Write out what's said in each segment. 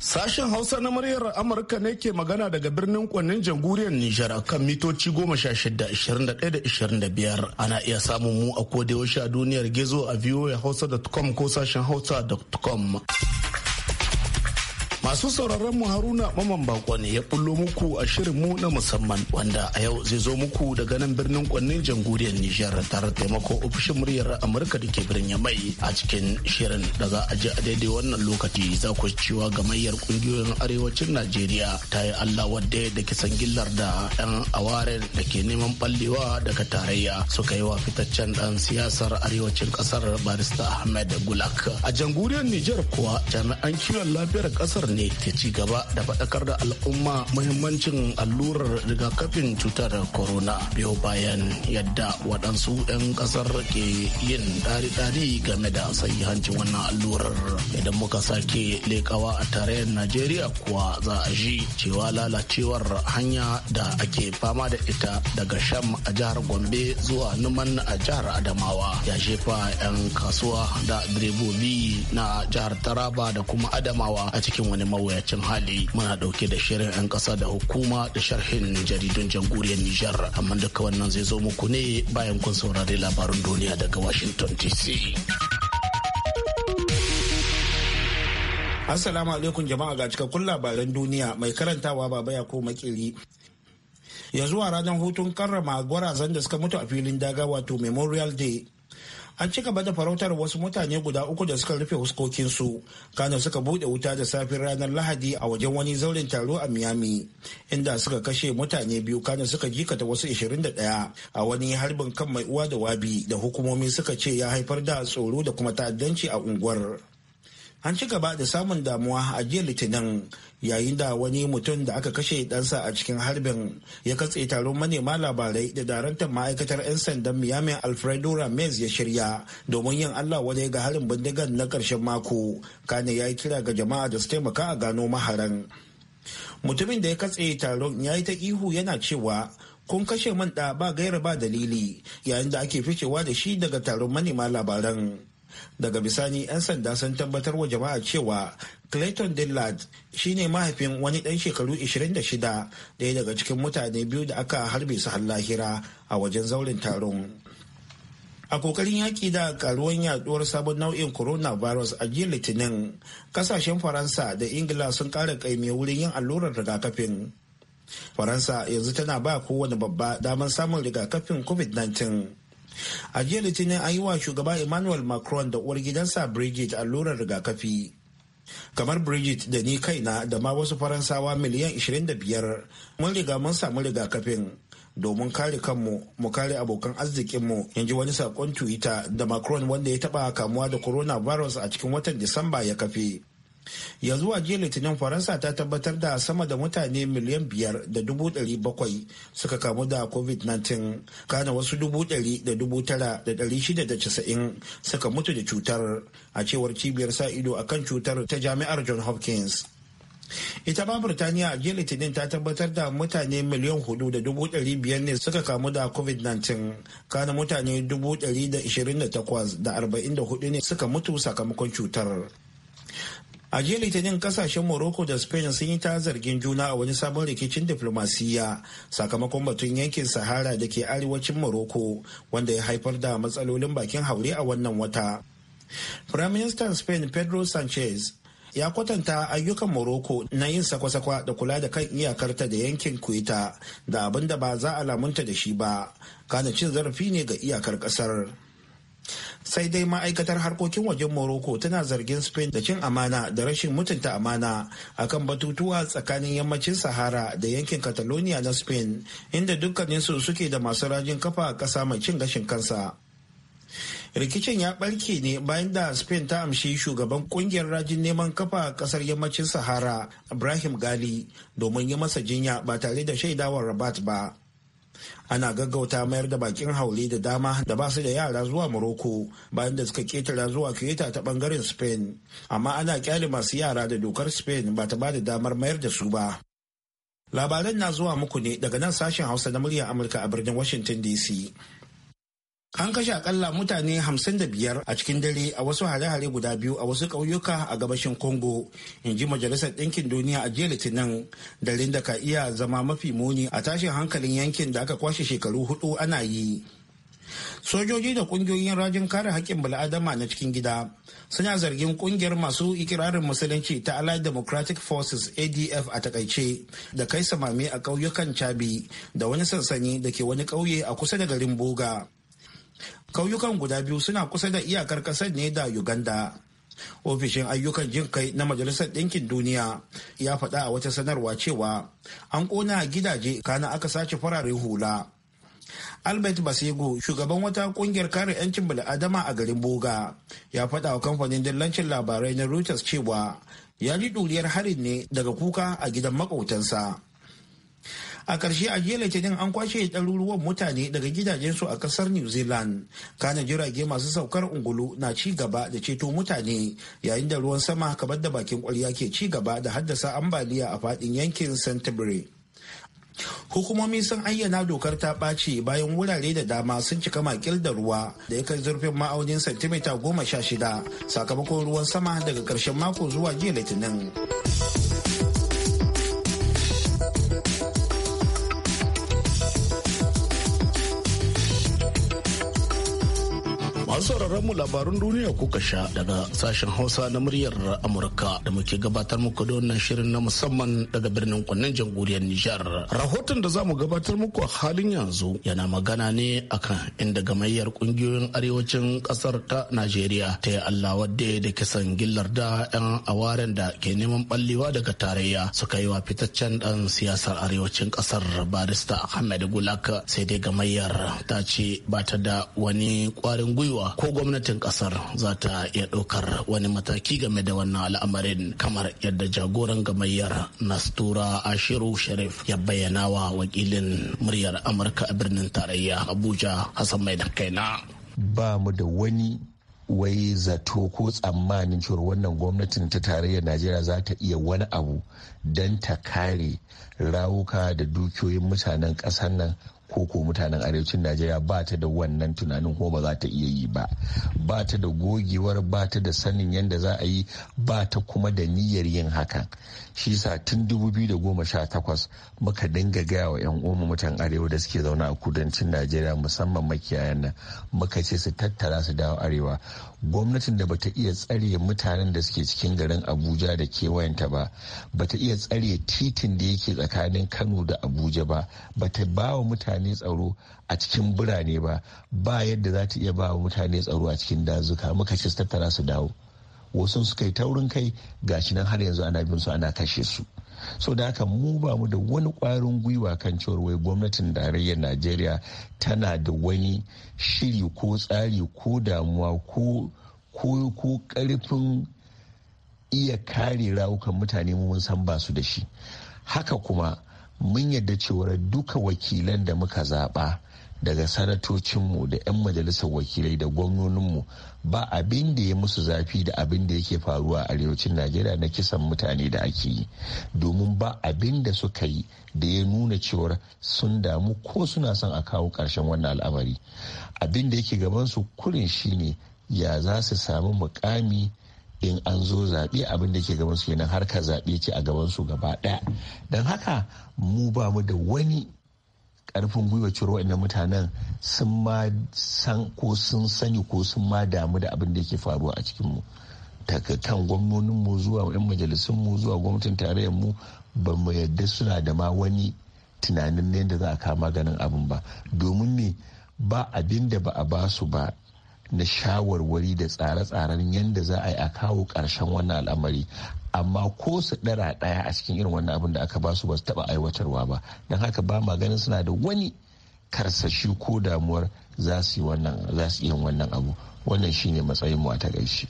Sashen Hausa na muryar Amurka ne ke magana daga birnin kwannin jamhuriyar Nijar kan mitoci 16-21-25. Ana iya samun mu a kodayaushe a duniyar gizo a voahausa.com ko sashen hausa.com. Masu sauraron mu Haruna Maman Bako ne ya bullo muku a shirin mu na musamman wanda a yau zai zo muku daga nan birnin kwannin jamhuriyar Nijar tare taimako ofishin muryar Amurka da ke birnin Yamai a cikin shirin da za a ji a daidai wannan lokaci za ku cewa gamayyar kungiyoyin arewacin Najeriya ta yi Allah wadda da kisan gillar da 'yan aware da ke neman ballewa daga tarayya suka yi wa fitaccen ɗan siyasar arewacin ƙasar barista Ahmed Gulak. A jamhuriyar Nijar kuwa jami'an kiwon lafiyar kasar ne ke ci gaba da faɗakar da al'umma muhimmancin allurar rigakafin cutar corona biyo bayan yadda waɗansu 'yan ƙasar ke yin ɗari-ɗari game da sai hancin wannan allurar idan muka sake lekawa a tarayyar najeriya kuwa za a ji cewa lalacewar hanya da ake fama da ita daga sham a jihar gombe zuwa numan a jihar adamawa ya jefa 'yan kasuwa da direbobi na jihar taraba da kuma adamawa a cikin wani mawuyacin hali muna dauke da shirin 'yan kasa da hukuma da sharhin jaridun jamhuriyar Nijar amma duka wannan zai zo muku ne bayan kun saurari labarin duniya daga Washington DC. Assalamu alaikum jama'a ga cikakkun labaran duniya mai karantawa baba ya ko makiri. Ya zuwa ranar hutun karrama gwarazan da suka mutu a filin daga wato Memorial Day. an ci gaba da farautar wasu mutane guda uku da suka rufe huskokinsu kana suka bude wuta da safin ranar lahadi a wajen wani zauren taro a miami inda suka kashe mutane biyu kana suka jikata wasu 21 a wani harbin kan mai uwa da wabi da hukumomi suka ce ya haifar da tsoro da kuma ta'addanci a unguwar an ci gaba da samun damuwa a jiya litinin yayin da wani mutum da aka kashe ɗansa a cikin harbin ya katse taron manema labarai da daraktan ma'aikatar 'yan sandan miami alfredo ramirez ya shirya domin yin allah wani ga harin bindigan na ƙarshen mako kane ya yi kira ga jama'a da su taimaka a gano maharan mutumin da ya katse taron ya yi ta ihu yana cewa kun kashe man ba gaira ba dalili yayin da ake ficewa da shi daga taron manema labaran daga bisani 'yan sanda sun tabbatar wa jama'a cewa clayton dillard shine mahaifin wani ɗan shekaru 26 daya daga cikin mutane biyu da aka harbe su lahira a wajen zaurin taron a kokarin yaƙi da karuwan yaduwar sabon nau'in coronavirus a jiya litinin kasashen faransa da ingila sun ƙara kaimi wurin yin allurar rigakafin faransa yanzu tana ba kowane babba damar samun rigakafin covid-19 a jiya litinin an yi wa shugaba emmanuel macron da uwar gidansa brigitte allurar rigakafi kamar brigitte da ni kaina da ma wasu faransawa miliyan 25 mun riga mun samu rigakafin domin kare kanmu mu kare abokan arzikinmu in ji wani sakon twitter da macron wanda ya taba kamuwa da coronavirus a cikin watan disamba ya kafe yanzu a jiya litinin faransa ta tabbatar da sama da mutane miliyan biyar da dubu ɗari bakwai suka kamu da covid-19 kana wasu dubu ɗari da dubu tara da ɗari shida da casa'in suka mutu da cutar a cewar cibiyar sa ido akan cutar ta jami'ar john hopkins ita ma birtaniya a jiya litinin ta tabbatar da mutane miliyan hudu da dubu dari biyar ne suka kamu da covid-19 kana mutane dubu dari da ishirin da takwas da arba'in da hudu ne suka mutu sakamakon cutar a jiya litinin kasashen morocco da spain sun yi ta zargin juna a wani sabon rikicin diflomasiyya sakamakon batun yankin sahara da ke arewacin morocco wanda ya haifar da matsalolin bakin haure a wannan wata prime minister spain pedro sanchez ya kwatanta ayyukan morocco na yin sakwa-sakwa da kula da kan iyakarta da yankin kuita da abin da ba za a lamunta da shi ba kana cin zarafi ne ga iyakar kasar sai dai ma'aikatar harkokin wajen morocco tana zargin spain da cin amana da rashin mutunta amana akan batutuwa tsakanin yammacin sahara da yankin catalonia na spain inda dukkaninsu suke da masu rajin kafa a ƙasa mai cin gashin kansa rikicin ya barke ne bayan da spain ta amshi shugaban kungiyar rajin neman kafa a ƙasar yammacin sahara ibrahim gali domin yi masa jinya ba tare da shaidawar rabat ba ana gaggauta mayar da bakin hauli da dama da ba su da yara zuwa morocco bayan da suka ketara zuwa kyoto ta bangaren spain amma ana kyale masu yara da dokar spain ba ta ba da damar mayar da su ba labaran na zuwa muku ne daga nan sashen hausa na murya amurka a birnin washington dc An kashe akalla mutane hamsin da biyar a cikin dare a wasu hare-hare guda biyu a wasu ƙauyuka a gabashin Congo, in ji Majalisar Ɗinkin Duniya a jiya Litinin, darin da ka iya zama mafi muni a tashin hankalin yankin da aka kwashe shekaru hudu ana yi. Sojoji da ƙungiyoyin rajin kare haƙƙin bala'adama na cikin gida suna zargin ƙungiyar masu ikirarin musulunci ta Allied Democratic Forces ADF a takaice da kai samame a ƙauyukan Chabi da wani sansani da ke wani ƙauye a kusa da garin Boga. Kauyukan guda biyu suna kusa da iyakar ƙasar ne da Uganda. ofishin ayyukan jin kai na majalisar ɗinkin duniya ya faɗa a wata sanarwa cewa an ƙona gidaje kana aka sace fararen hula albert basego shugaban wata ƙungiyar kare 'yancin bil'adama a garin boga ya faɗa wa kamfanin dillancin labarai na reuters cewa ya ji ɗuriyar harin ne daga kuka a gidan maƙautansa a ƙarshe a jiya litinin an kwashe ɗaruruwan mutane daga gidajensu a ƙasar new zealand kana jirage masu saukar ungulu na ci gaba da ceto mutane yayin da ruwan sama kamar da bakin ƙwarya ke ci gaba da haddasa ambaliya a faɗin yankin canterbury hukumomi sun ayyana dokar ta ɓaci bayan wurare da dama sun cika makil da ruwa da ya kai zurfin ma'aunin santimita goma sha shida sakamakon ruwan sama daga ƙarshen mako zuwa jiya litinin Masu sauraron mu labarun duniya kuka sha daga sashen Hausa na muryar Amurka da muke gabatar muku da wannan shirin na musamman daga birnin kunnen jamhuriyar Nijar. Rahoton da za mu gabatar muku a halin yanzu yana magana ne akan inda gamayyar kungiyoyin arewacin kasar ta Najeriya ta yi Allah wadda da kisan gillar da 'yan awaren da ke neman ballewa daga tarayya suka yi wa fitaccen dan siyasar arewacin kasar barista Ahmed Gulak sai dai gamayyar ta ce ba ta da wani kwarin gwiwa cewa ko gwamnatin kasar za ta iya ɗaukar wani mataki game da wannan al'amarin kamar yadda jagoran gamayyar nastura ashiru sharif ya bayyana wa wakilin muryar amurka a birnin tarayya abuja hassan mai kaina ba mu da wani wai zato ko tsammanin cewa wannan gwamnatin ta tarayyar najeriya za ta iya wani abu don ta kare rawuka da dukiyoyin mutanen ƙasar nan ko mutanen arewacin najeriya ba ta da wannan tunanin ko ba za ta iya yi ba ba ta da gogewar ba ta da sanin yadda za a yi ba ta kuma da niyyar yin hakan shi sa tun 2018 muka dinga gaya wa 'yan uwan mutan arewa da suke zauna a kudancin najeriya musamman makiyayan nan muka ce su tattara su dawo arewa gwamnatin da bata iya tsare mutanen da suke cikin garin abuja da kewayenta ba bata iya tsare titin da yake tsakanin kano da abuja ba bata ba wa mutane mutane tsaro a cikin birane ba ba yadda za ta iya ba mutane tsaro a cikin dazuka muka ce su tattara su dawo wasu suka kai taurin kai ga shi nan har yanzu ana bin su ana kashe su so da haka mu ba mu da wani kwarin gwiwa kan cewar wai gwamnatin tarayyar najeriya tana da wani shiri ko tsari ko damuwa ko ko karfin iya kare rawukan mutane mun san ba su da shi haka kuma mun yadda cewar duka wakilan da muka zaɓa daga sanatocinmu da 'yan majalisar wakilai da gwamnoninmu ba abin da ya musu zafi da abin da yake faruwa a arewacin najeriya na kisan mutane da ake yi domin ba abin da suka yi da ya nuna cewar sun damu ko suna son a kawo ƙarshen wannan al'amari abin da yake gabansu kurin shine ya za su samu mukami in an zo zaɓe abin da ke gaban su kenan harka zaɓe ce a gaban su gaba ɗaya don haka mu ba mu da wani ƙarfin gwiwa cewa wa mutanen sun ma san ko sun sani ko sun ma damu da abin da yake faruwa a cikin mu daga kan mu zuwa 'yan majalisunmu zuwa gwamnatin tarayyar mu ba mu yadda suna da ma wani tunanin ne da za a kama ganin abin ba domin me ba abin da ba a ba su ba na shawarwari da tsare-tsaren yadda za a yi a kawo ƙarshen wannan al'amari amma ko su ɗara ɗaya a cikin irin wannan abin da aka ba su ba su taɓa aiwatarwa ba don haka ba ma ganin suna da wani karsashi ko damuwar za su yi wannan abu wannan shine matsayin mu a ta gaishe.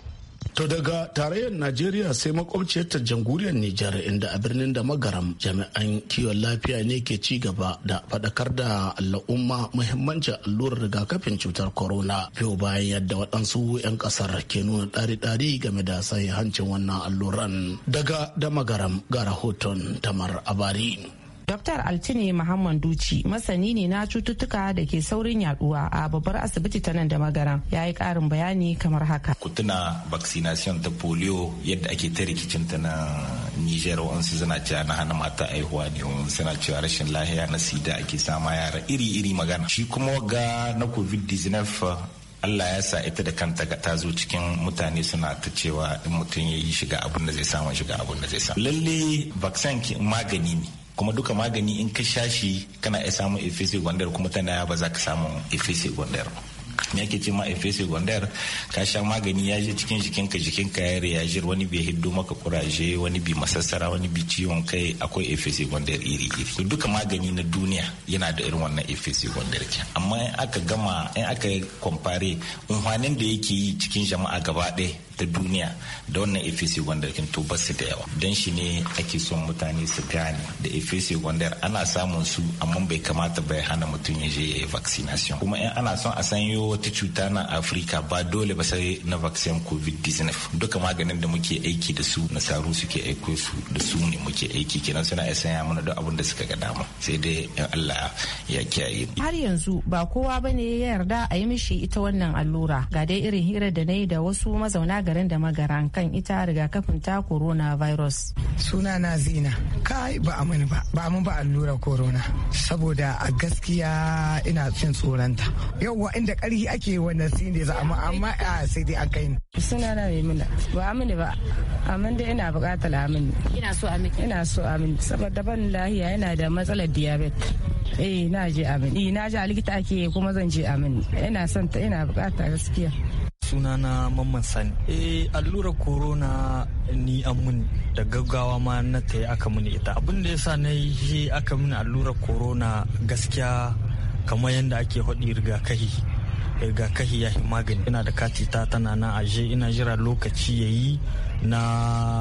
To daga tarayyar Najeriya sai makwabciyarta jamhuriyar Nijar inda a birnin da magaram jami'an kiwon lafiya ne ke ci gaba da faɗakar da al'umma muhimmancin allurar rigakafin cutar corona biyu bayan yadda waɗansu 'yan ƙasar ke nuna ɗari-ɗari game da hancin wannan alluran. Daga da magaram ga rahoton tamar abari. Dr. Altine Muhammad Duci masani ne na cututtuka da ke saurin yaduwa a babbar asibiti ta nan da magara ya yi karin bayani kamar haka. Kutuna vaccination ta polio yadda ake ta rikicin ta na Nijar wa'ansu suna cewa na hana mata aihuwa ne wa'ansu suna cewa rashin lahiya na sida ake sama yara iri-iri magana. Shi kuma ga na covid-19 Allah ya sa ita da kanta ta zo cikin mutane suna ta cewa in mutum ya yi shiga abun da zai samu shiga abun da zai samu. Lalle vaccine magani ne. kuma duka magani in ka sha shi kana iya samun efesi gwandar kuma tana ba za ka samu efesi gwandar me ake ce ma efesi gwandar ka sha magani ya je cikin jikinka jikinka ya reagir wani bai hiddo maka kuraje wani bi masassara wani bi ciwon kai akwai efesi gwandar iri iri to duka magani na duniya yana da irin wannan efesi gwandar ke amma in aka gama in aka kwamfare unhwanin da yake yi cikin jama'a gaba ɗaya ta duniya da wannan apc gwandar kin to basu da yawa don shi ne ake son mutane su gane da apc gwandar ana samun su amma bai kamata bai hana mutum ya je ya yi vaccination kuma in ana son a sanyo wata cuta na afirka ba dole ba sai na vaccine covid-19 duka maganin da muke aiki da su saru suke aiko su da su ne muke aiki kenan suna iya sanya mana duk abin da suka ga dama sai dai allah ya kiyaye har yanzu ba kowa bane ya yarda a yi mishi ita wannan allura ga dai irin hirar da na yi da wasu mazauna garin da magaran kan ita rigakafin ta virus. Suna na zina, kai ba a mani ba, ba mun ba allura corona, saboda a gaskiya ina cin tsoronta. Yauwa inda ƙarhi ake wannan sai ne za amma a sai dai aka yi ni. Suna na mai muna, ba amini ba, amma dai ina buƙatar amini. Ina so amini. Ina so amini, saboda ban lahiya yana da matsalar diabetes. Eh na je amin. Eh na je a likita ake kuma zan je amin. Ina son ta ina bukata gaskiya. sunana mamman sani eh allurar corona ni an da gaggawa ma na ta yi aka mini ita abin da sa na yi aka mini allurar corona gaskiya kamar yadda ake haɗi rigakahi rigakahi ya yi magani ina da kati ta tana na aje ina jira lokaci ya yi na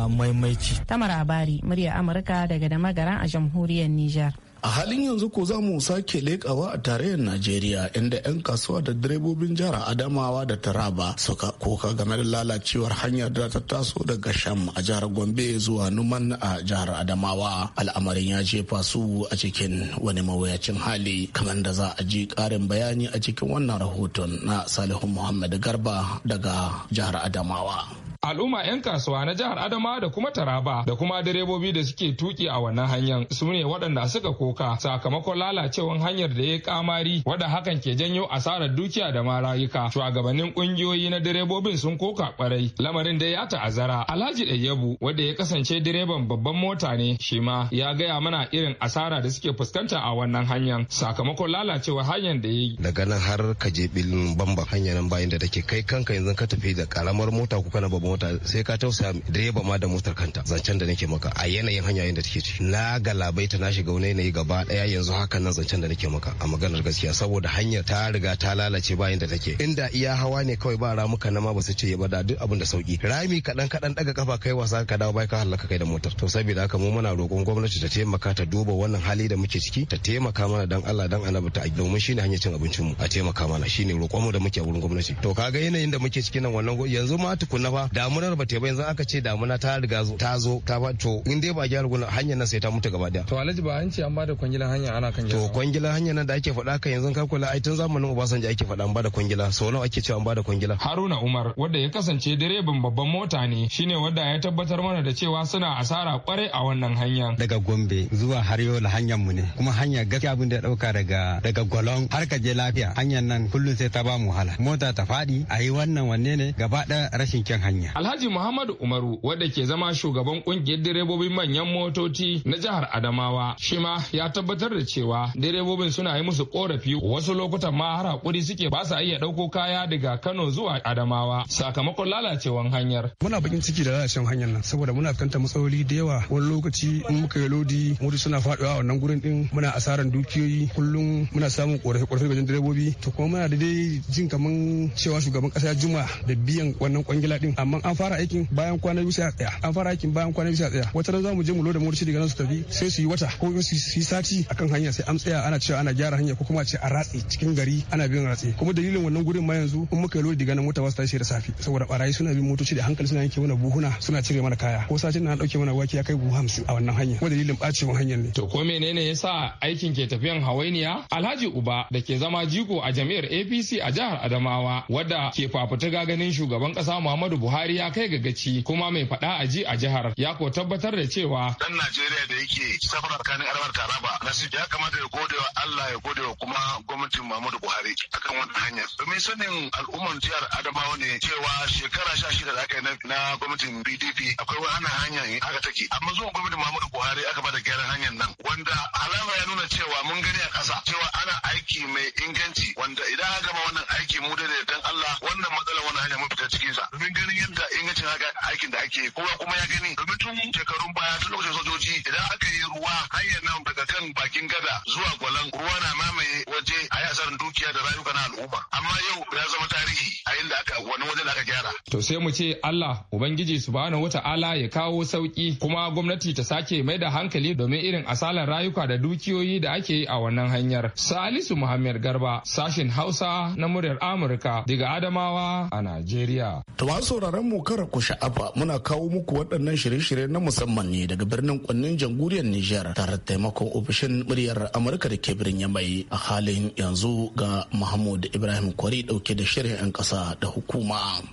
maimaici tamara abari murya amurka daga da magaran a jamhuriyar nijar a halin yanzu ko za mu sake lekawa a tarayyar najeriya inda 'yan kasuwa da direbobin jihar adamawa da taraba suka koka game da lalacewar hanyar da ta taso daga sham a jihar gombe zuwa numan a jihar adamawa al'amarin ya jefa su a cikin wani mawuyacin hali kamar da za a ji karin bayani a cikin wannan rahoton na salihu muhammad garba daga jihar adamawa al'umma 'yan kasuwa na jihar adama da kuma taraba da kuma direbobi da suke tuki a wannan hanyar su ne waɗanda suka koka sakamakon lalacewar hanyar da ya kamari wadda hakan ke janyo asarar dukiya da ma rayuka shugabannin ƙungiyoyi na direbobin sun koka kwarai lamarin da ya ta'azzara alhaji ɗayyabu wanda ya kasance direban babban mota ne shi ma ya gaya mana irin asara da suke fuskanta a wannan hanyar sakamakon lalacewar hanyar da ya yi daga nan har ka je bilin bamban hanyar nan bayan da take kai kanka yanzu ka tafi da karamar mota ko kana babban mota sai ka tausaya direba ma da motar kanta zancen da nake maka a yanayin hanya da take ciki na ta na shiga wani yanayi gaba daya yanzu haka nan zancen da nake maka a maganar gaskiya saboda hanyar ta riga ta lalace bayan da take inda iya hawa ne kawai ba ramuka na ma ba su ce ba da duk abin da sauki rami kadan kadan daga kafa kai wasa ka dawo bai ka halaka kai da motar to saboda haka mu muna roƙon gwamnati ta taimaka ta duba wannan hali da muke ciki ta taimaka mana dan Allah dan annabi ta domin shine hanyar cin abincin mu a taimaka mana shine roƙon da muke a wurin gwamnati to kaga yanayin da muke ciki nan wannan yanzu ma tukunna fa damunar ba ta yanzu aka ce damuna ta riga ta zo ta ba to in dai ba gyara hanyar nan sai ta mutu gaba daya to alhaji ba an ce an bada kwangilan hanya ana kan to kwangilan hanya nan da ake faɗa kan yanzu ka kula ai tun zamanin Obasanjo ake faɗa an bada kwangila so nawa ake cewa an bada kwangila Haruna Umar wanda ya kasance direban babban mota ne shine wanda ya tabbatar mana da cewa suna asara kware a wannan hanya daga Gombe zuwa har Yola hanyar mu ne kuma hanya gaskiya abin da ya dauka daga daga Golon har ka je lafiya hanyar nan kullum sai ta ba mu wahala mota ta faɗi a yi wannan wanne ne gaba ɗaya rashin kyan hanya Kenya. Alhaji Muhammadu Umaru wanda ke zama shugaban kungiyar direbobin manyan motoci na jihar Adamawa shi ma ya tabbatar da cewa direbobin suna yi musu korafi wasu lokutan ma har hakuri suke ba sa iya ɗauko kaya daga Kano zuwa Adamawa sakamakon lalacewar hanyar. Muna bakin ciki da lalacewar hanyar nan saboda muna fuskantar matsaloli da yawa wani lokaci in muka yi lodi mota suna faduwa a wannan gurin din muna asaran dukiyoyi kullum muna samun ƙorafi korafi wajen direbobi to kuma muna da dai jin kaman cewa shugaban kasa Juma da biyan wannan kwangila din amma kaman an fara aikin bayan kwana biyu sai a tsaya an fara aikin bayan kwana biyu sai a tsaya wata ran za mu je mu loda motoci daga nan su tafi sai su yi wata ko su yi sati akan hanya sai an tsaya ana cewa ana gyara hanya ko kuma ce a ratse cikin gari ana bin ratse kuma dalilin wannan gurin ma yanzu in muka yi lodi daga nan mota ba su tashi da safi saboda barayi suna bin motoci da hankali suna yanke mana buhuna suna cire mana kaya ko satin na dauke mana wake ya kai buhu hamsin a wannan hanya kuma dalilin bacewan hanyar ne. To ko menene yasa aikin ke tafiyan hawainiya? Alhaji Uba da ke zama jiko a jami'ar APC a jihar Adamawa wadda ke fafutuka ganin shugaban kasa Muhammadu Buhari kariya kai ga gaci kuma mai faɗa a ji a jihar ya ko tabbatar da cewa dan Najeriya da yake safar tsakanin arabar taraba na ya kamata ya gode wa Allah ya gode wa kuma gwamnatin Muhammadu Buhari akan wannan hanya domin sanin al'umman jihar Adamawa ne cewa shekara sha shida da aka yi na gwamnatin PDP akwai wani hanya ne haka take amma zuwa gwamnatin Muhammadu Buhari aka bada gyaran hanyar nan wanda alama ya nuna cewa mun gani a ƙasa cewa ana aiki mai inganci wanda idan aka gama wannan aiki mu da dan Allah wannan matsalar wannan hanya mun fita cikin sa domin ganin da ingancin haka aikin da ake kowa kuma ya gani domin tun shekarun baya tun lokacin sojoji idan aka yi ruwa hanyar nan daga kan bakin gada zuwa gwalan ruwa na mamaye waje a yi asarar dukiya da rayuka na al'umma amma yau ya zama tarihi a inda aka wani waje da aka gyara. To sai mu ce Allah Ubangiji wata Ala ya kawo sauki kuma gwamnati ta sake mai da hankali domin irin asalar rayuka da dukiyoyi da ake yi a wannan hanyar. Salisu Muhammad Garba sashen Hausa na muryar Amurka daga Adamawa a Najeriya. To sauraron mu kara ku sha'afa muna kawo muku waɗannan shirye-shirye na musamman ne daga birnin kwannin jamhuriyar Nijar tare da taimakon ofishin muryar Amurka da ke birnin Yamai a halin yanzu ga Mahmud Ibrahim Kwari dauke da shirin 'yan ƙasa da hukuma.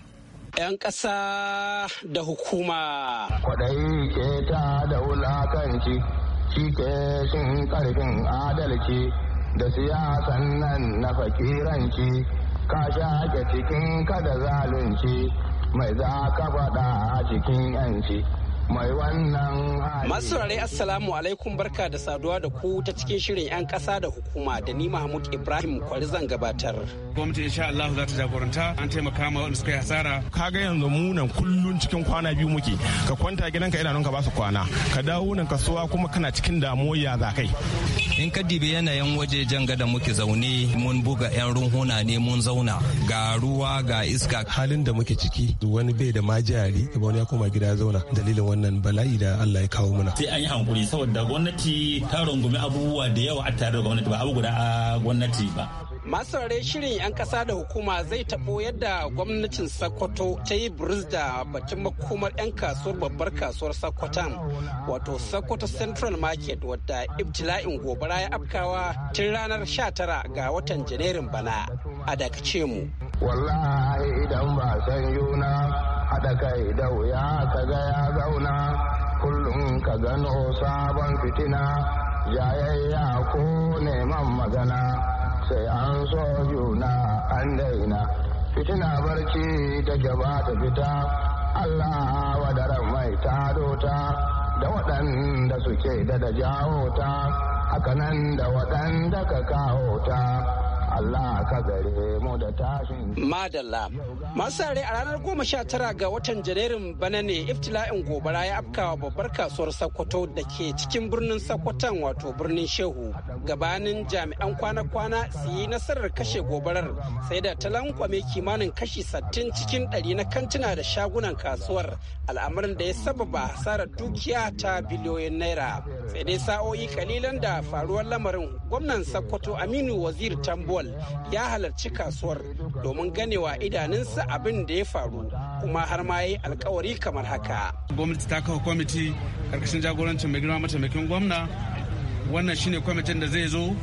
'Yan ƙasa da hukuma. Kwaɗayi ke ta da wulakanci, shi ke shin ƙarfin adalci da siyasan nan na fakiranci, ka shaƙe cikin kada zalunci. mai za ka faɗa a cikin yanci mai wannan masu rare assalamu alaikum barka da saduwa da ku ta cikin shirin 'yan kasa da hukuma da ni mahmud ibrahim kwari zan gabatar gwamnati insha Allah za ta jagoranta an taimaka ma wanda suka yi hasara Ka yanzu mu nan kullun cikin kwana biyu muke ka kwanta gidanka idanunka ba su kwana ka dawo nan kasuwa kuma kana cikin damuwa ya za kai in ka dibi yanayin waje janga da muke zaune mun buga 'yan runhuna ne mun zauna ga ruwa ga iska halin da muke ciki wani bai da majari wani ya koma gida zauna dalilin wannan bala'i da Allah ya kawo muna. Sai an yi hankuri saboda gwamnati ta rungumi abubuwa da yawa a tare da gwamnati ba abu guda a gwamnati ba. masarare shirin 'yan kasa da hukuma zai tabo yadda gwamnatin sokoto ta yi buris da batun makomar 'yan kasuwar babbar kasuwar sokoton wato sokoto central market wadda ibtila'in gobara ya afkawa tun ranar 19 ga watan janairun bana a dakace mu wallahi idan ba san yuna haɗa kai da wuya ka ga ya zauna kullum ka gano sabon fitina jayayya ko neman magana sai an so juna an daina fitina barci ta gaba ta fita Allah wadaran mai tado ta da waɗanda suke da da jawo ta hakanan da waɗanda ka kawo ta Allah ka gare mu da tashin. Madalla. Masu a ranar goma sha tara ga watan Janairun bana ne iftila'in gobara ya afkawa babbar kasuwar Sokoto da ke cikin birnin Sokoton wato birnin Shehu. Gabanin jami'an kwana-kwana su yi nasarar kashe gobarar sai da ta lankwame kimanin kashi sattin cikin ɗari na kantuna da shagunan kasuwar al'amarin da ya sababa hasarar dukiya ta biliyoyin naira. Sai dai sa'o'i kalilan da faruwar lamarin gwamnan Sokoto Aminu Wazir Tambol lawal ya halarci kasuwar domin ganewa idanunsa abin da ya faru kuma har ma ya yi alkawari kamar haka. Gwamnati ta kawo kwamiti karkashin jagorancin mai girma mataimakin gwamna wannan shine kwamitin da zai zo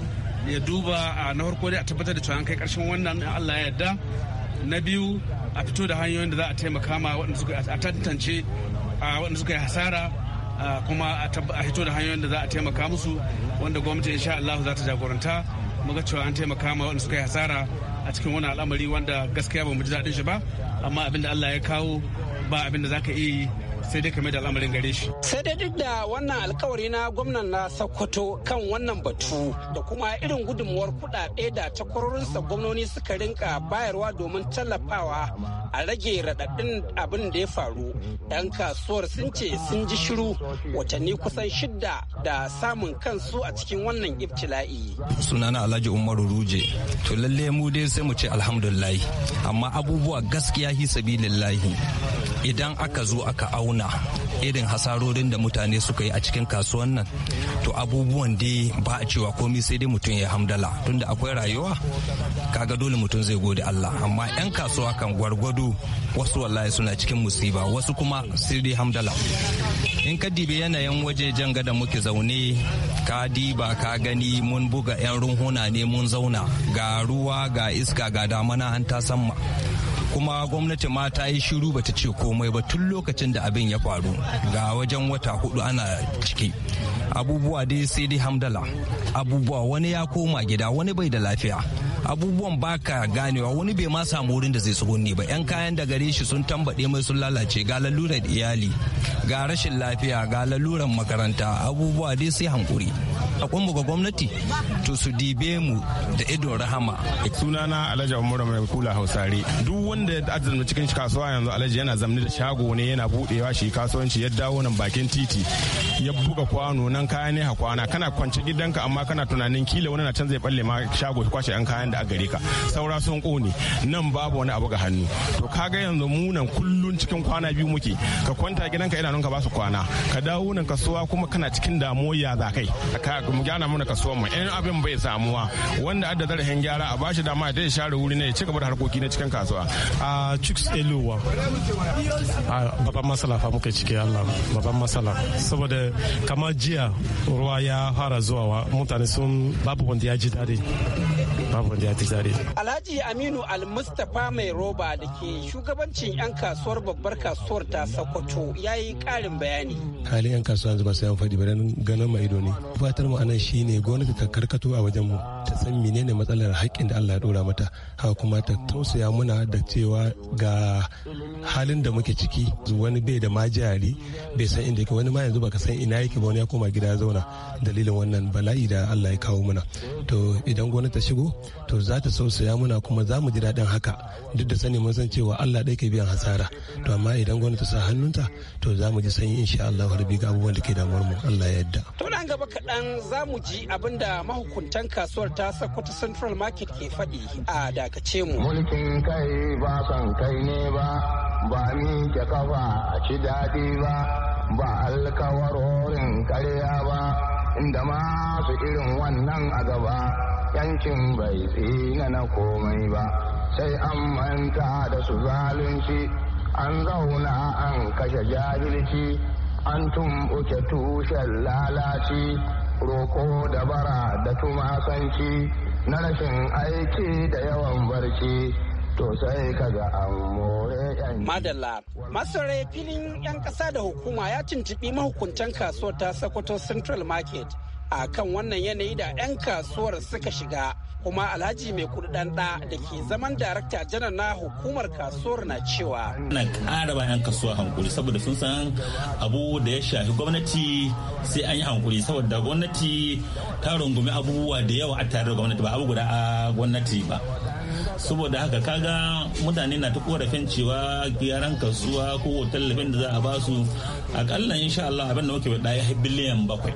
ya duba a na farko dai a tabbatar da cewa an kai karshen wannan Allah ya yarda na biyu a fito da hanyoyin da za a taimaka ma waɗanda suka a tantance waɗanda suka yi hasara kuma a fito da hanyoyin da za a taimaka musu wanda gwamnati insha Allah za ta jagoranta muga cewa an taimaka ma waɗanda suka yi hasara a cikin wani al'amari wanda gaskiya ba mu ji daɗin shi ba amma abin da Allah ya kawo ba abin da za ka iya yi sai dai kame da lamarin gare shi. Sai dai duk da wannan alkawari na gwamnan na Sokoto kan wannan batu da kuma irin gudunmuwar kuɗaɗe da takwarorinsa gwamnoni suka rinka bayarwa domin tallafawa a rage raɗaɗin abin da ya faru. 'Yan kasuwar sun ce sun ji shiru watanni kusan shidda da samun kansu a cikin wannan iftila'i. Sunana Alhaji Umaru Ruje. To lalle mu dai sai mu ce alhamdulillahi amma abubuwa gaskiya hi sabilillahi idan aka zo aka auna irin hasarorin da mutane suka yi a cikin kasuwan nan to abubuwan dai ba a cewa komai sai dai mutum ya hamdala tunda akwai rayuwa kaga dole mutum zai gode Allah amma 'yan kasuwa kan gwargwado wasu wallahi suna cikin musiba wasu kuma sai dai hamdala in ka dibe yanayin waje jan gada muke zaune ka diba ka gani mun buga 'yan runhuna ne mun zauna ga ruwa ga iska ga damana an ta samma kuma gwamnati ma ta yi shiru ba ta ce komai ba tun lokacin da abin ya faru ga wajen wata hudu ana ciki abubuwa dai sai dai hamdala abubuwa wani ya koma gida wani bai da lafiya abubuwan baka ganewa wani bai ma samu wurin da zai ne ba yan kayan da gare shi sun tambaɗe mai sun lalace ga lalurar iyali ga rashin lafiya ga lalurar makaranta abubuwa dai sai hankuri a ga gwamnati to su dibe mu da idon rahama sunana alhaji umar mai kula hausare duk wanda ya azumi cikin kasuwa yanzu alhaji yana zamni da shago ne yana budewa shi kasuwanci ya dawo nan bakin titi ya buga kwano nan kaya ne ha kwana kana kwance gidanka amma kana tunanin kila wani na can zai balle ma shago kwashe yan kayan da a gare ka saura sun kone nan babu wani abu ga hannu to kaga yanzu mu nan kullun cikin kwana biyu muke ka kwanta gidanka idanunka ba su kwana ka dawo nan kasuwa kuma kana cikin damuwa ya za kai ka mu gyara mana kasuwar mu in abin bai samuwa wanda adda zarafin gyara a bashi dama da ya share wuri ne ya ci gaba da harkoki na cikin kasuwa a chicks elowa a babban masala fa muke cike Allah babban masala saboda kamar jiya ruwa ya fara zuwa mutane sun babu wanda ya ji daɗi babu wanda ya ta zare. Alhaji Aminu almustapha mustapha mai roba da ke shugabancin 'yan kasuwar babbar kasuwar ta Sokoto ya yi ƙarin bayani. Hali 'yan kasuwa yanzu ba sai an faɗi ba ganin ma ido ne. Fatar mu anan shine gwamnati ta karkato a wajen mu ta san menene matsalar haƙƙin da Allah ya ɗora mata. Haka kuma ta tausaya muna da cewa ga halin da muke ciki wani bai da ma jari bai san inda yake wani ma yanzu baka san ina yake ba wani ya koma gida zauna dalilin wannan bala'i da Allah ya kawo muna. To idan gwamnati ta shigo to za ta sausaya muna kuma za mu ji daɗin haka duk da sani mun san cewa Allah ɗaya ke biyan hasara to amma idan gwamnati ta sa hannunta to za mu ji sanyi insha Allah rabi ga abubuwan da ke damuwar mu Allah ya yarda to nan gaba kaɗan za mu ji abin da mahukuntan kasuwar ta Sokoto Central Market ke faɗi a dakace mu mulkin kai ba san kai ne ba ba ni ke kafa a ci daɗi ba ba alkawarorin karya ba inda masu irin wannan a gaba yancin bai tsina na komai ba sai an manta da su zalunci an zauna an kashe jahilci an tumɓuke tushen lalaci roko da bara da tumasanci na rashin aiki da yawan barci to sai kaga an more madalla masarai filin 'yan kasa da hukuma ya tuntubi mahukuntan kasuwar ta sokoto central market a kan wannan yanayi da 'yan kasuwar suka shiga kuma alhaji mai kudin da da ke zaman darakta janar na hukumar kasuwar na cewa na kara bayan 'yan kasuwa hankuri saboda sun san abu da ya shafi gwamnati sai an yi hankuri saboda gwamnati ta rungumi abubuwa da yawa a tare da gwamnati ba abu guda a gwamnati ba saboda haka kaga mutane na ta korafin cewa gyaran kasuwa ko tallafin da za a basu akalla insha Allah abin da muke da ya biliyan bakwai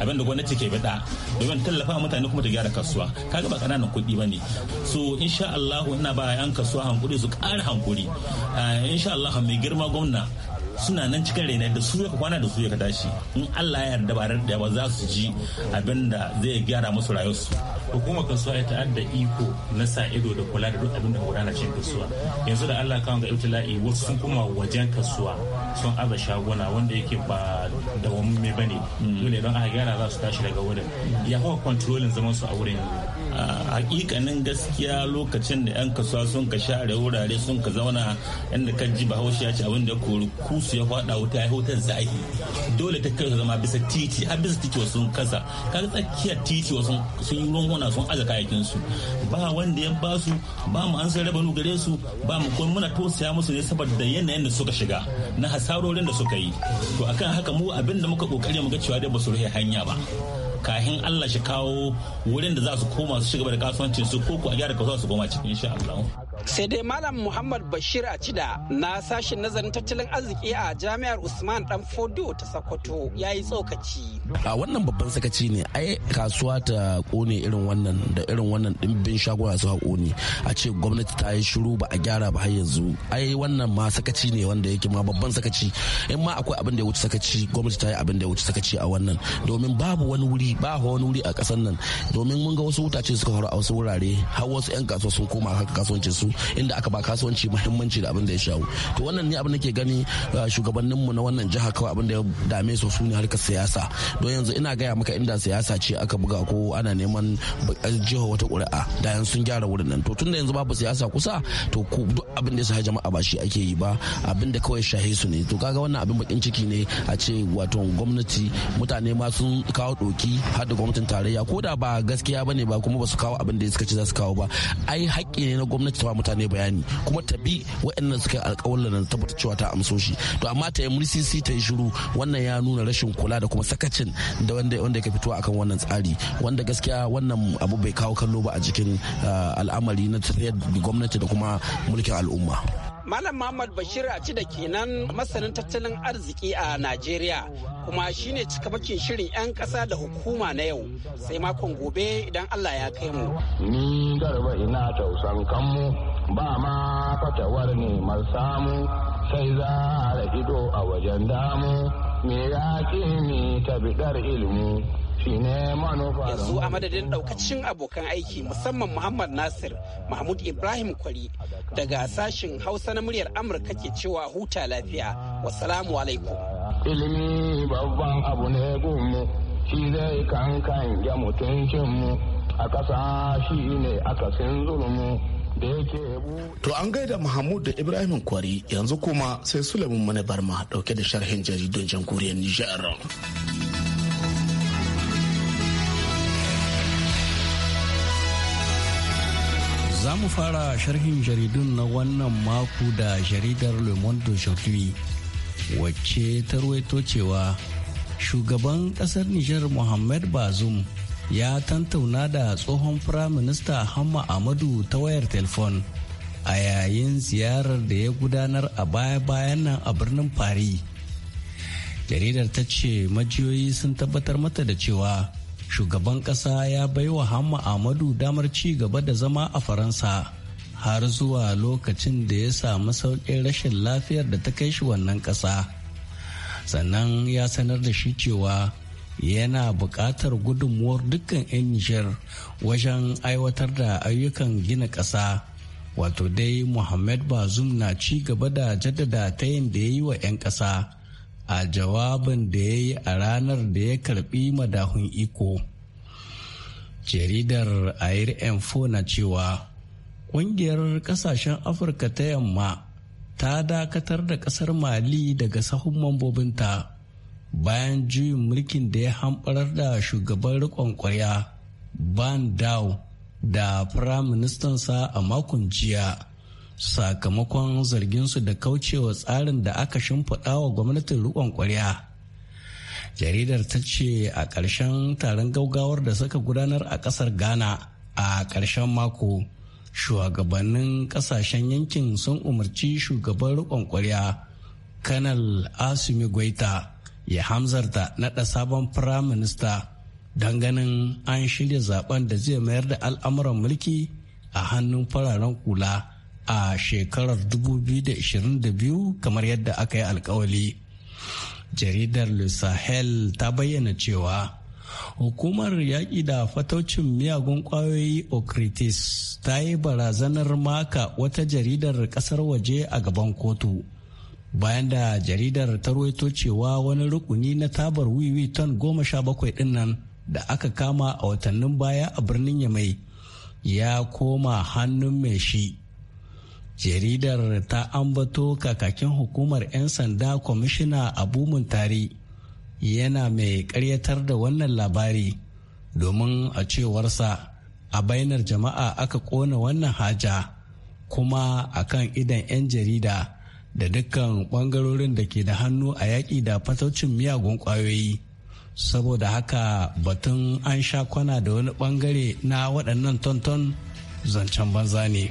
abin da gwamnati ke bada domin tallafa mutane kuma ta gyara kasuwa kaga ba kananan kuɗi ba ne so insha Allah ina ba yan kasuwa hankuri su ƙara hankuri ah, insha Allah mai girma gwamna suna nan cikin raina da su ya kwana da su ya ka tashi in Allah ya yarda barar da ba za su ji abin da zai gyara musu rayuwarsu hukumar kasuwa ya ta'adda iko na sa ido da kula da duk abin da gudana cikin kasuwa yanzu da Allah kawo ga ibtila'i wasu sun kuma wajen kasuwa sun aza shaguna wanda yake ba da ba ne. bane mm. dole don aka gyara za su tashi daga wurin ya kuma kontrolin zaman su a wurin yanzu hakikanin gaskiya lokacin da 'yan kasuwa sun ka share wurare sun ka zauna inda kan ji bahaushe ya ce abin da kori kusu ya faɗa wuta ya hotar zahi dole ta kai zama bisa titi har bisa titi wasu sun kasa kaga tsakiyar titi wasu sun yi runguna sun aza kayakin su ba wanda ya ba su ba mu an san rabanu gare su ba mu kuma muna tosaya musu ne saboda yanayin da suka shiga na hasarorin da suka yi to akan haka mu abin da muka kokari muga cewa dai ba su rufe hanya ba kahin Allah shi kawo wurin da za su koma su shiga da kasuwancin su ko ku a gyara kasuwa su koma cikin insha Allah sai dai malam muhammad bashir a cida na sashen nazarin tattalin arziki a jami'ar usman dan fodo ta sokoto ya yi tsokaci a wannan babban sakaci ne ai kasuwa ta kone irin wannan da irin wannan dimbin shagunan su kone a ce gwamnati ta yi shiru ba a gyara ba har yanzu ai wannan ma sakaci ne wanda yake ma babban sakaci in ma akwai abin da ya wuce sakaci gwamnati ta yi abin da ya wuce sakaci a wannan domin babu wani wuri ba wani wuri a kasar nan domin mun ga wasu wutace suka faru a wasu wurare har wasu 'yan kasuwa sun koma haka kasuwancin su inda aka ba kasuwanci muhimmanci da abin da ya shawo to wannan ne abin da ke gani uh, shugabanninmu na wannan jiha kawai abin da ya dame su su ne harkar siyasa don yanzu ina gaya maka inda siyasa ce aka buga ko ana neman uh, jiha wata ƙuri'a da yan sun gyara wurin nan to tunda yanzu babu siyasa kusa to duk abin da ya sa jama'a ba shi ake yi ba abin da kawai shahe su ne to kaga wannan abin bakin ciki ne a ce wato gwamnati mutane ma sun kawo doki har da gwamnatin tarayya ko da ba gaskiya bane ba kuma ba su kawo abin da suka ce za su kawo ba ai haƙƙi ne na gwamnati ta mutane bayani kuma ta bi waɗannan suka alƙawalla na tabbata cewa ta amso shi to amma ta yi mursisi ta yi shiru wannan ya nuna rashin kula da kuma sakacin da wanda wanda ka fitowa akan wannan tsari wanda gaskiya wannan abu bai kawo kallo ba a jikin ah, al'amari na tafiyar gwamnati da kuma mulkin al'umma. Malam Muhammad Bashir a ci da kenan masanin tattalin arziki a Najeriya kuma shine bakin shirin 'yan ƙasa da hukuma na yau sai makon gobe idan Allah ya kai mu. Ni garba ina tausan kanmu ba ma fatawar neman samu sai za a ido a wajen damu me ya ke ni tabidar ilimi. yanzu a madadin daukacin abokan aiki musamman muhammad nasir mahmud ibrahim kwari daga sashen hausa na muryar amurka ke cewa huta lafiya wasalamu alaikum ilimi babban abu ne gumu shi zai kankan ya mutuncinmu a kasa shi ne akasin zulumu da To an gaida Mahmud da Ibrahim Kwari yanzu kuma sai Sulaiman Mani Barma dauke da sharhin jaridun jamhuriyar Nijar. Za mu fara sharhin jaridun na wannan mako da jaridar Le Monde aujourd'hui wacce ta ruwaito cewa shugaban kasar Niger Mohamed Bazoum ya tantauna da tsohon firaminista Hamma Amadu ta wayar telefon a yayin ziyarar da ya gudanar a baya-bayan nan a birnin Paris. Jaridar ta ce majiyoyi sun tabbatar mata da cewa shugaban ƙasa ya baiwa Hamma amadu damar ci gaba da zama a Faransa har zuwa lokacin da ya samu sauƙin rashin lafiyar da ta kai shi wannan ƙasa. Sannan ya sanar da shi cewa yana buƙatar gudunmuwar dukkan 'yan Nijar wajen aiwatar da ayyukan gina ƙasa. Wato dai Muhammad Bazum na ci gaba da jaddada ta yin da ya yi wa 'yan ƙasa. a jawabin da ya yi a ranar da ya karbi madahun iko jaridar air info na cewa ƙungiyar ƙasashen afirka ta yamma ta dakatar da ƙasar mali daga sahun mambobinta bayan juyin mulkin da ya hamɓarar da shugaban riƙon ban dao da firaministansa a makon jiya sakamakon zarginsu da kaucewa tsarin da aka shimfiɗa wa gwamnatin riƙon ƙwarya. jaridar ta ce a ƙarshen taron gaugawar da suka gudanar a ƙasar ghana a ƙarshen mako shugabannin ƙasashen yankin sun umarci shugaban riƙon ƙwarya kanal asimi gwaita ya hamzarta naɗa sabon firaminista don ganin an shirya zaben da zai mayar da al'amuran mulki a hannun fararen kula. a shekarar 2022 kamar yadda aka yi alkawali jaridar le sahel ta bayyana cewa hukumar yaƙi da fataucin miyagun ƙwayoyi okritis ta yi barazanar maka wata jaridar ƙasar waje a gaban kotu bayan da jaridar ta ruwaito cewa wani rukuni na tabar wiwi ton goma sha bakwai dinnan da aka kama a watannin baya a birnin yamai ya koma hannun mai shi jaridar ta ambato kakakin hukumar 'yan sanda kwamishina abu muntari yana mai karyatar da wannan labari domin a cewarsa a bainar jama'a aka kona wannan haja kuma a kan idan 'yan jarida da dukkan bangarorin da ke da hannu a yaƙi da fataucin miyagun ƙwayoyi. saboda haka batun an sha kwana da wani bangare na waɗannan tonton zancen banza ne.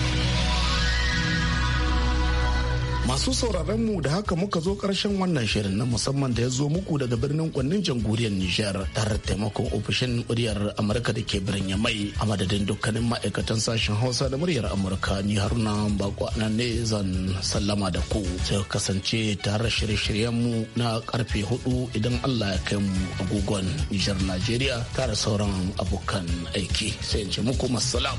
Masu sauraron mu da haka muka zo karshen wannan shirin na musamman da ya zo muku daga birnin kwannin jamhuriyar Nijar tare taimakon ofishin muryar Amurka da ke birnin mai a madadin dukkanin ma'aikatan sashen Hausa da muryar Amurka ni Haruna Bako nan ne zan sallama da ku sai kasance tare shirye-shiryen mu na karfe hudu idan Allah ya kai mu agogon Nijar Najeriya tare sauran abokan aiki sai in ce muku masalam.